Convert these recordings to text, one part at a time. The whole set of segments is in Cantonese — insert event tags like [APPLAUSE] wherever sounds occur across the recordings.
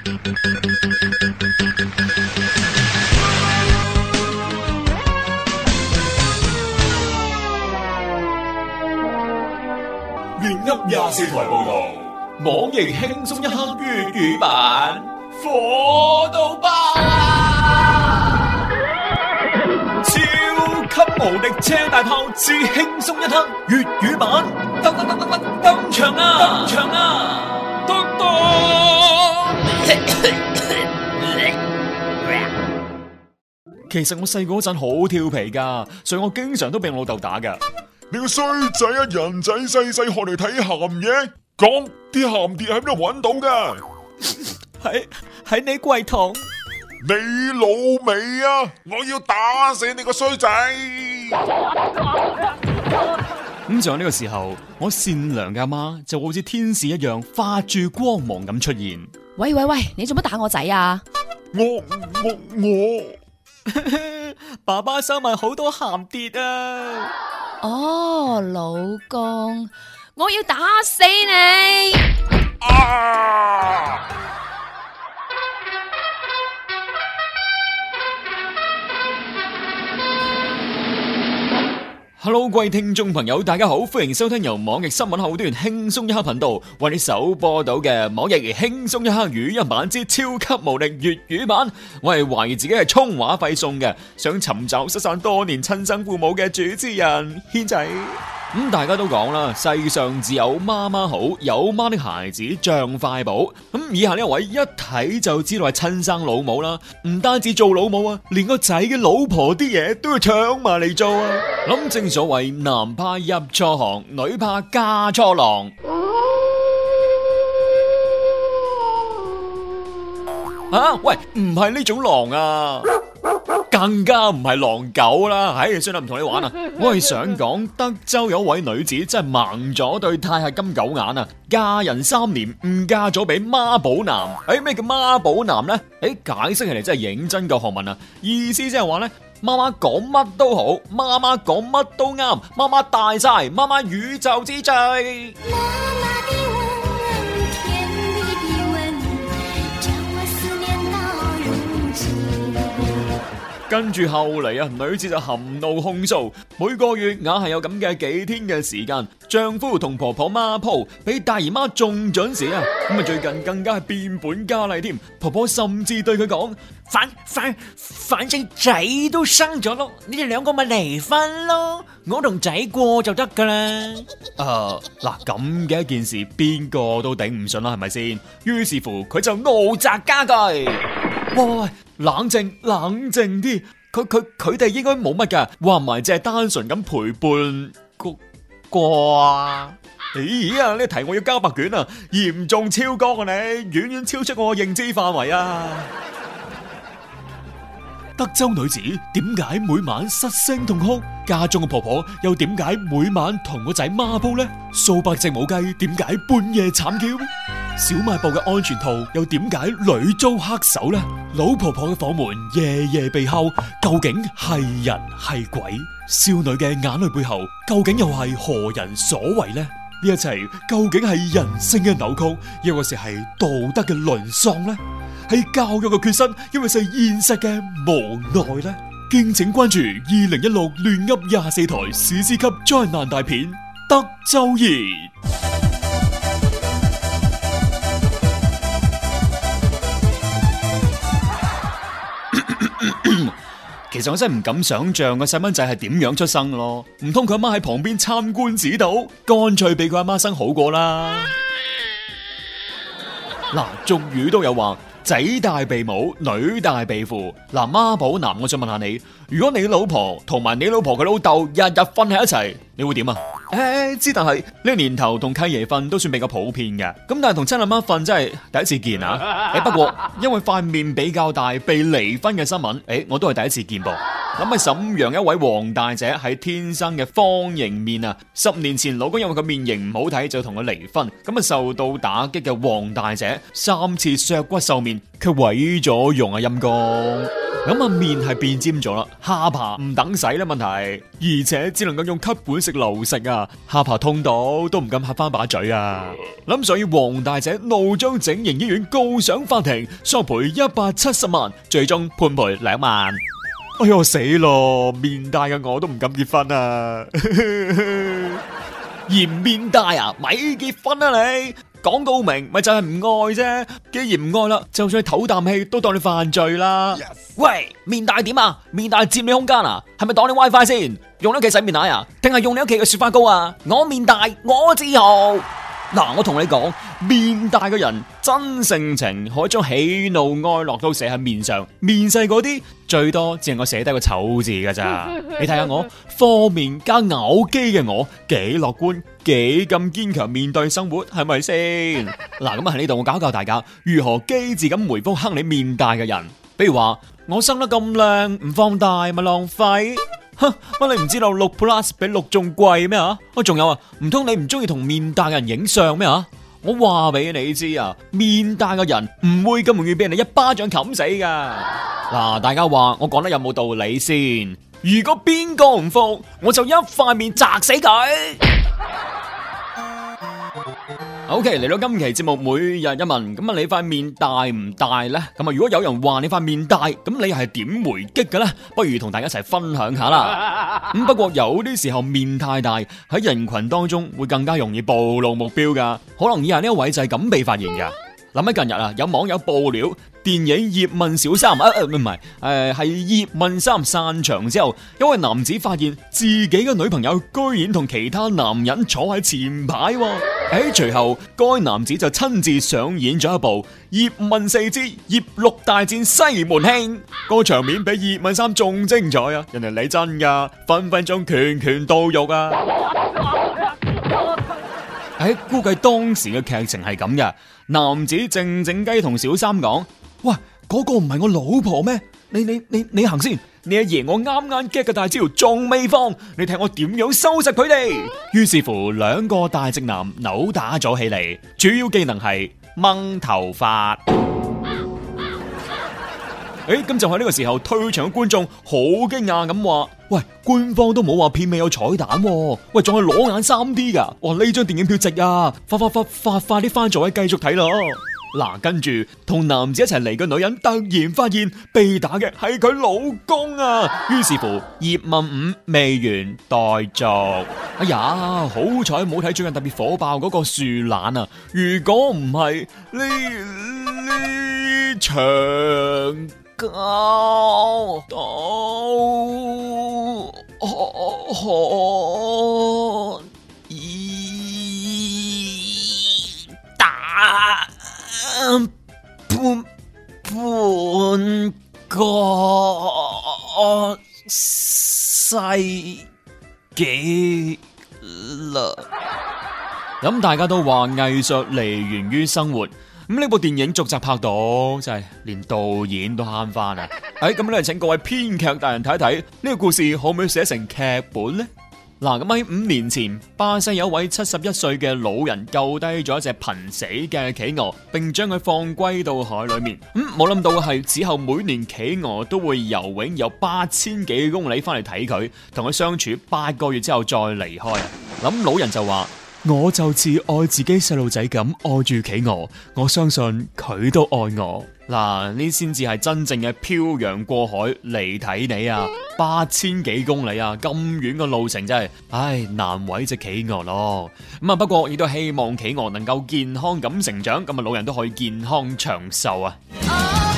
粵音廿楽四台報道，網易輕鬆一刻粵語版，火到爆啊！超級無敵車大炮之輕鬆一刻粵語版，登登登登登登場啊！登場啊！登登。登其實我細個嗰陣好調皮噶，所以我經常都俾我老豆打嘅。你個衰仔啊，人仔細細學嚟睇咸嘢，講啲咸碟喺邊度搵到嘅？喺喺 [LAUGHS] 你櫃桶。你老味啊！我要打死你個衰仔。咁就喺呢個時候，我善良嘅阿媽就好似天使一樣，發住光芒咁出現。喂喂喂，你做乜打我仔啊？我我我。我我 [LAUGHS] 爸爸收埋好多鹹碟啊！哦，老公，我要打死你！啊 hello，各位聽眾朋友，大家好，歡迎收聽由網易新聞客戶端輕鬆一刻頻道為你首播到嘅網易輕鬆一刻語音版之超級無敵粵語版。我係懷疑自己係充話費送嘅，想尋找失散多年親生父母嘅主持人軒仔。咁大家都講啦，世上只有媽媽好，有媽的孩子像塊寶。咁以下呢位一睇，就知道係親生老母啦，唔單止做老母啊，連個仔嘅老婆啲嘢，都要搶埋嚟做啊！咁正所謂男怕入錯行，女怕嫁錯郎。啊，喂，唔係呢種狼啊！更加唔係狼狗啦，唉、哎，算啦，唔同你玩啦。 [LAUGHS] 我係想講德州有一位女子真係盲咗對太式金狗眼啊，嫁人三年唔嫁咗俾媽寶男，誒、哎、咩叫媽寶男咧？誒、哎，解釋起嚟真係認真嘅學問啊，意思即係話咧，媽媽講乜都好，媽媽講乜都啱，媽媽大晒，媽媽宇宙之最。媽媽跟住後嚟啊，女子就含怒控訴，每個月硬係有咁嘅幾天嘅時間，丈夫同婆婆孖鋪，比大姨媽仲準時啊！咁啊最近更加係變本加厲添，婆婆甚至對佢講： [LAUGHS] 反反反正仔都生咗咯，你哋兩個咪離婚咯，我同仔過就得噶啦。誒，嗱咁嘅一件事，邊個都頂唔順啦，係咪先？於是乎，佢就怒砸家具。喂！冷靜冷靜啲，佢佢佢哋應該冇乜噶，話唔埋淨係單純咁陪伴個啩。咦啊！呢題我要交白卷啊，嚴重超綱啊你，遠遠超出我認知範圍啊。德州女子點解每晚失聲痛哭？家中嘅婆婆又點解每晚同個仔孖鋪咧？數百隻母雞點解半夜慘叫？小賣部嘅安全套又點解屢遭黑手呢？老婆婆嘅房門夜夜被敲，究竟係人係鬼？少女嘅眼淚背後究竟又係何人所為呢？呢一切究竟係人性嘅扭曲，抑或是係道德嘅淪喪呢？係教育嘅缺失，抑或是現實嘅無奈呢？敬請關注二零一六亂噏廿四台史詩級災難大片《德州二》。其實我真係唔敢想象個細蚊仔係點樣出生嘅咯，唔通佢阿媽喺旁邊參觀指導，乾脆俾佢阿媽生好過啦。嗱， [LAUGHS] 俗語都有話，仔大避母，女大避父。嗱，媽寶男，我想問下你。如果你老婆同埋你老婆嘅老豆日日瞓喺一齊，你會點啊？誒、哎，知但係呢、這個年頭同契爺瞓都算比較普遍嘅，咁但係同親阿媽瞓真係第一次見啊！誒、 [LAUGHS] 哎，不過因為塊面比較大，被離婚嘅新聞誒、哎，我都係第一次見噃。諗 [LAUGHS] 起瀋陽一位黃大姐喺天生嘅方形面啊，十年前老公因為佢面型唔好睇就同佢離婚，咁啊受到打擊嘅黃大姐三次削骨瘦面。佢毀咗容啊，陰公，咁啊面係變尖咗啦，下巴唔等使啦問題，而且只能夠用吸管食流食啊，下巴痛到都唔敢合翻把嘴啊，咁所以黃大姐怒將整形醫院告上法庭，索賠一百七十萬，最終判賠兩萬，哎呦死咯，面大嘅我都唔敢結婚啊，嫌 [LAUGHS] 面大啊，咪結婚啊你。講到明，咪就係唔愛啫。既然唔愛啦，就算你唞啖氣，都當你犯罪啦。Yes. 喂，面大點啊？面大佔你空間啊？係咪擋你 WiFi 先？用你屋企洗面奶啊？定係用你屋企嘅雪花膏啊？我面大，我自豪。嗱，我同你講，面大嘅人真性情，可以將喜怒哀樂都寫喺面上；面細嗰啲最多只係我寫低個醜字噶咋。 [LAUGHS] 你睇下我，闊面加咬肌嘅我，幾樂觀，幾咁堅強面對生活，係咪先？嗱， [LAUGHS] 咁啊喺呢度我教教大家如何機智咁回覆黑你面大嘅人，比如話我生得咁靚，唔放大咪浪費。乜你唔知道六 Plus 比六仲貴咩吓？我仲有啊，唔通你唔中意同面大嘅人影相咩吓？我話俾你知啊，面大嘅人唔會咁容易俾人哋一巴掌冚死噶。嗱、啊，大家話我講得有冇道理先？如果邊個唔服，我就一塊面砸死佢。 [LAUGHS] O.K. 嚟到今期節目每日一問，咁啊你塊面大唔大呢？咁啊如果有人話你塊面大，咁你係點回擊嘅呢？不如同大家一齊分享下啦。咁 [LAUGHS] 不過有啲時候面太大喺人群當中會更加容易暴露目標噶可能以下呢一位就係咁被發現噶諗起近日啊，有網友報料。電影葉問小三，唔唔唔係，誒係葉問三散場之後，因為男子發現自己嘅女朋友居然同其他男人坐喺前排，啊，喺、欸、隨後該男子就親自上演咗一部葉問四之葉六大戰西門慶，個場面比葉問三仲精彩啊！人哋你真噶，分分鐘拳拳到肉啊！喺、 [LAUGHS] 欸、估計當時嘅劇情係咁嘅，男子靜靜雞同小三講。喂，嗰、那個唔係我老婆咩？你你你你行先，你阿、啊、爺我啱啱 get 嘅大招仲未放，你睇我點樣收拾佢哋？於是乎，兩個大直男扭打咗起嚟，主要技能係掹頭髮。誒、 [LAUGHS] 欸，咁就喺呢個時候，退場嘅觀眾好驚訝咁話：喂，官方都冇話片尾有彩蛋、啊，喂，仲係裸眼三 D 噶，哇，呢張電影票值啊！快快快快快啲返座位繼續睇咯！嗱，跟住同男子一齊嚟嘅女人突然發現被打嘅係佢老公啊！於是乎，葉問五未完待續。哎呀，好彩冇睇最近特別火爆嗰個樹懶啊！如果唔係，呢呢場交都可可以打。半半個世紀啦，咁 [LAUGHS] 大家都話藝術嚟源於生活，咁呢部電影續集拍到，真、就、係、是、連導演都慳翻啦。喺咁咧，請各位編劇大人睇一睇呢個故事可唔可以寫成劇本咧？嗱，咁喺五年前，巴西有一位七十一歲嘅老人救低咗一隻瀕死嘅企鵝，并將佢放歸到海裏面。嗯，冇諗到嘅係，之後每年企鵝都會游泳有八千幾公里翻嚟睇佢，同佢相處八個月之後再離開。咁老人就話，我就似愛自己細路仔咁愛住企鵝，我相信佢都愛我。嗱，呢先至係真正嘅漂洋過海嚟睇你啊，八千幾公里啊，咁遠嘅路程真係，唉，難為隻企鵝咯。咁啊，不過亦都希望企鵝能夠健康咁成長，咁啊，老人都可以健康長壽啊。啊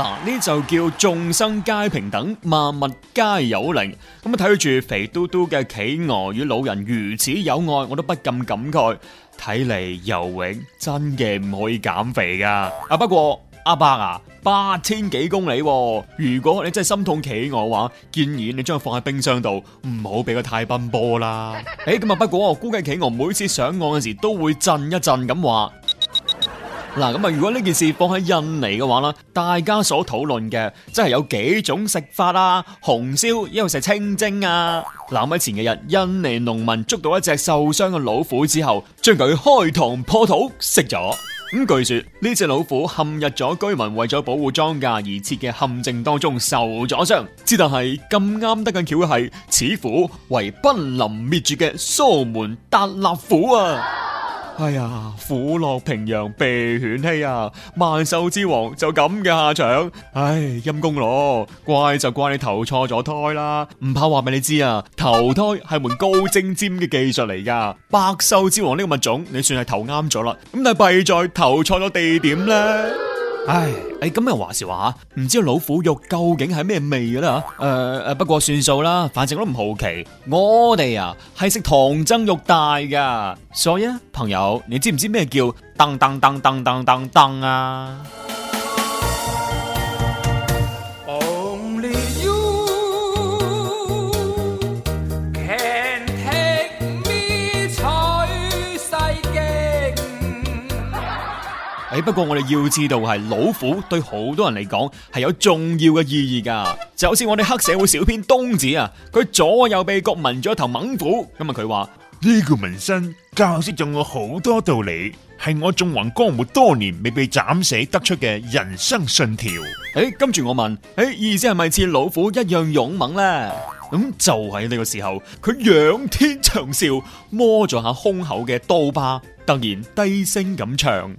呢、啊、就叫眾生皆平等，萬物皆有靈。咁、嗯、啊，睇住肥嘟嘟嘅企鵝與老人如此有愛，我都不禁感慨：睇嚟游泳真嘅唔可以減肥噶。啊，不過阿伯啊，八千幾公里、啊，如果你真係心痛企鵝嘅話，建議你將佢放喺冰箱度，唔好俾佢太奔波啦。誒、 [LAUGHS] 哎，咁啊，不過我估計企鵝每次上岸嘅時都會震一震咁話。嗱，咁啊，如果呢件事放喺印尼嘅話啦，大家所討論嘅，真係有幾種食法啊，紅燒，因為食清蒸啊。嗱，喺前幾日，印尼農民捉到一隻受傷嘅老虎之後，將佢開膛破肚食咗。咁、嗯、據說呢隻老虎陷入咗居民為咗保護莊稼而設嘅陷阱當中受咗傷，之但係咁啱得咁巧嘅係，此虎為瀕臨滅絕嘅蘇門達臘虎啊。哎呀，虎落平陽被犬欺啊！萬獸之王就咁嘅下場，唉，陰公羅，怪就怪你投錯咗胎啦！唔怕話俾你知啊，投胎係門高精尖嘅技術嚟噶，百獸之王呢個物種，你算係投啱咗啦，咁但係弊在投錯咗地點咧。唉，誒，咁又話時話吓，唔知老虎肉究竟係咩味嘅啦吓，誒、呃、誒、呃，不過算數啦，反正我都唔好奇，我哋啊係食唐僧肉大噶，所以啊朋友，你知唔知咩叫噔噔噔噔噔噔噔啊？不過我哋要知道係老虎對好多人嚟講係有重要嘅意義噶，就好似我哋黑社會小編東子啊，佢左右臂各紋咗一頭猛虎。咁啊佢話呢個紋身教識咗我好多道理，係我縱橫江湖多年未被斬死得出嘅人生信條。誒，跟住我問，誒，意思係咪似老虎一樣勇猛呢？咁就喺呢個時候，佢仰天長笑，摸咗下胸口嘅刀疤，突然低聲咁唱。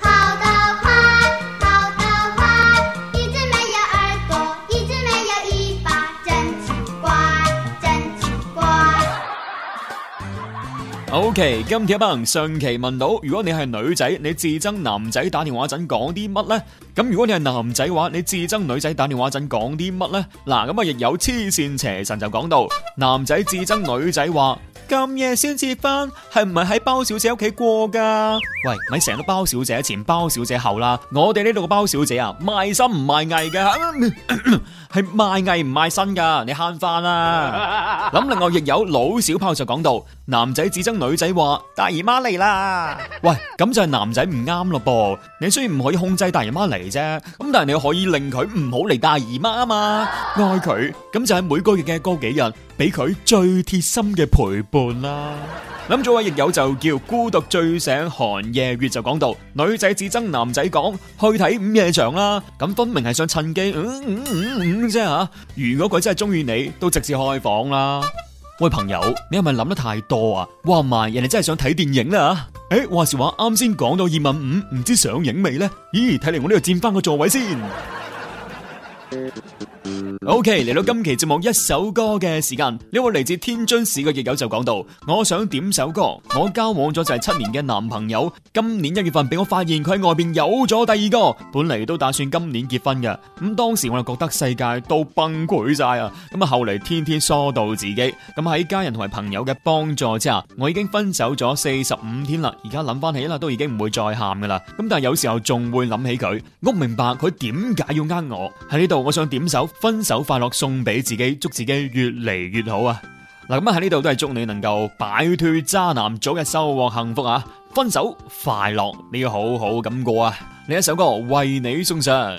跑得快，跑得快，一隻，沒有耳朵，一隻沒有尾巴，真奇怪，真奇怪。O.K. 今期不能上期問到，如果你係女仔，你自憎男仔打電話陣講啲乜呢？咁如果你係男仔話，你自憎女仔打電話陣講啲乜呢？嗱，咁啊亦有黐線邪神就講到，男仔自憎女仔話。 [LAUGHS] 咁夜先至翻，係唔係喺包小姐屋企過噶？喂，咪成個包小姐前包小姐後啦！我哋呢度個包小姐啊，賣身唔賣藝嘅吓，係 [COUGHS] 賣藝唔賣身噶，你慳翻啦！咁 [LAUGHS] 另外亦有老小炮就講到。男仔至憎女仔話大姨媽嚟啦，喂，咁就係男仔唔啱咯噃，你雖然唔可以控制大姨媽嚟啫，咁但係你可以令佢唔好嚟大姨媽啊嘛，愛佢，咁就喺每個月嘅嗰幾日，俾佢最貼心嘅陪伴啦。諗住話益友，就叫孤獨醉醒寒夜月就講到，女仔至憎男仔講去睇午夜場啦，咁分明係想趁機，嗯嗯嗯嗯啫、嗯、吓，如果佢真係中意你，都直接開房啦。喂，朋友，你係咪諗得太多啊？哇，埋人哋真係想睇電影啦吓，啊！誒、欸，話時話啱先講到葉問五，唔知上映未呢？咦，睇嚟我呢度佔翻個座位先。 [LAUGHS] O K，嚟到今期節目一首歌嘅時間，呢位嚟自天津市嘅亦友就講到，我想點首歌，我交往咗就係七年嘅男朋友，今年一月份俾我發現佢喺外邊有咗第二個，本嚟都打算今年結婚嘅，咁、嗯、當時我就覺得世界都崩潰晒啊，咁、嗯、啊後嚟天天疏導自己，咁、嗯、喺家人同埋朋友嘅幫助之下，我已經分手咗四十五天啦，而家諗翻起啦都已經唔會再喊噶啦，咁、嗯、但係有時候仲會諗起佢，唔明白佢點解要呃我，喺呢度我想點首分。分手快樂送俾自己，祝自己越嚟越好啊！嗱、啊，咁啊喺呢度都係祝你能夠擺脫渣男，早日收穫幸福啊！分手快樂，你、這、要、個、好好咁過啊！呢一首歌為你送上。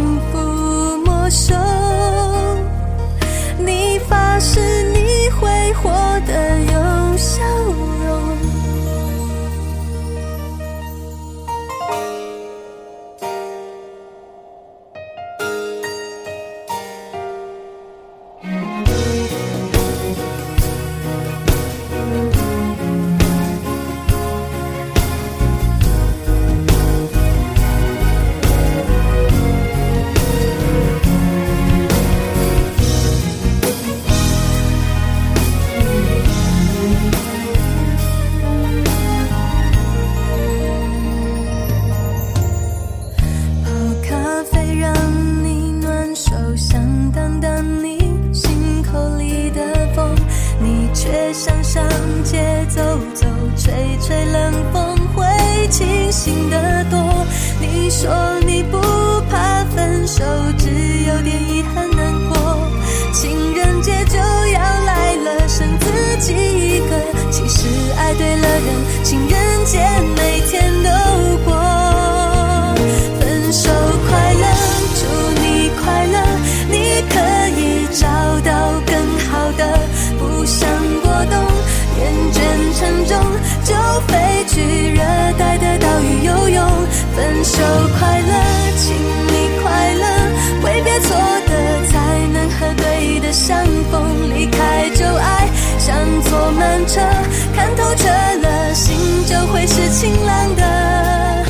看透徹了，心就會是晴朗的。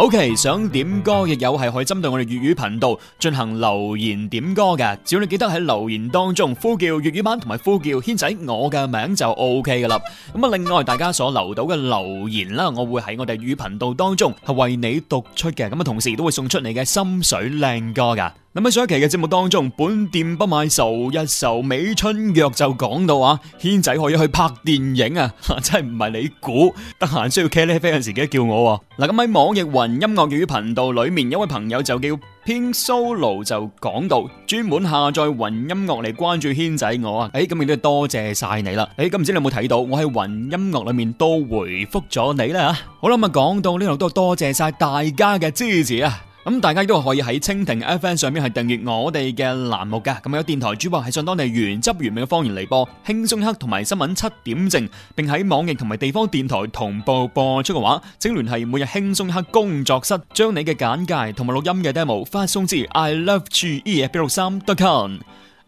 OK，想點歌亦有係可以針對我哋粵語頻道進行留言點歌嘅，只要你記得喺留言當中呼叫粵語版同埋呼叫軒仔我嘅名就 OK 噶啦。咁啊，另外大家所留到嘅留言啦，我會喺我哋粵語頻道當中係為你讀出嘅，咁啊，同時都會送出你嘅心水靚歌噶。諗喺上一期嘅節目當中，本店不賣愁一愁，美春藥就講到啊，軒仔可以去拍電影啊，真係唔係你估，得閒需要咖啡嗰陣時記得叫我。嗱，咁喺網易雲音樂粵語頻道裏面，有位朋友就叫 Pinsolo 就講到，專門下載雲音樂嚟關注軒仔我啊，誒，咁亦都多謝晒你啦。誒，咁唔知你有冇睇到，我喺雲音樂裏面都回覆咗你喇吓。好啦，咁啊，講到呢度都係多謝晒大家嘅支持啊！咁大家都可以喺蜻蜓 FM 上面係訂閱我哋嘅欄目嘅，咁有電台主播係上當地原汁原味嘅方言嚟播輕鬆一刻同埋新聞七點正，並喺網易同埋地方電台同步播出嘅話，請聯繫每日輕鬆一刻工作室，將你嘅簡介同埋錄音嘅 demo 發送至 i love g e f 六三 .com。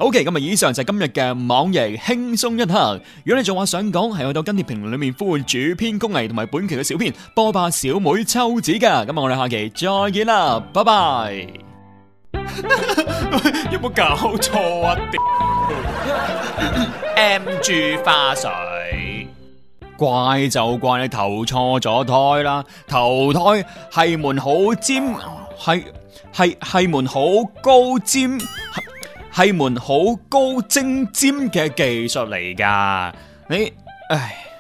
Ok，咁啊以上就係今日嘅網易輕鬆一刻。如果你仲話想講，係去到跟帖評論裏面呼喚主編、工藝同埋本期嘅小編波霸小妹秋子噶。咁我哋下期再見啦，拜拜。有冇搞錯啊？M G 花水？怪就怪你投錯咗胎啦！投胎係門好尖，係係係門好高尖。係門好高精尖嘅技術嚟噶，你唉。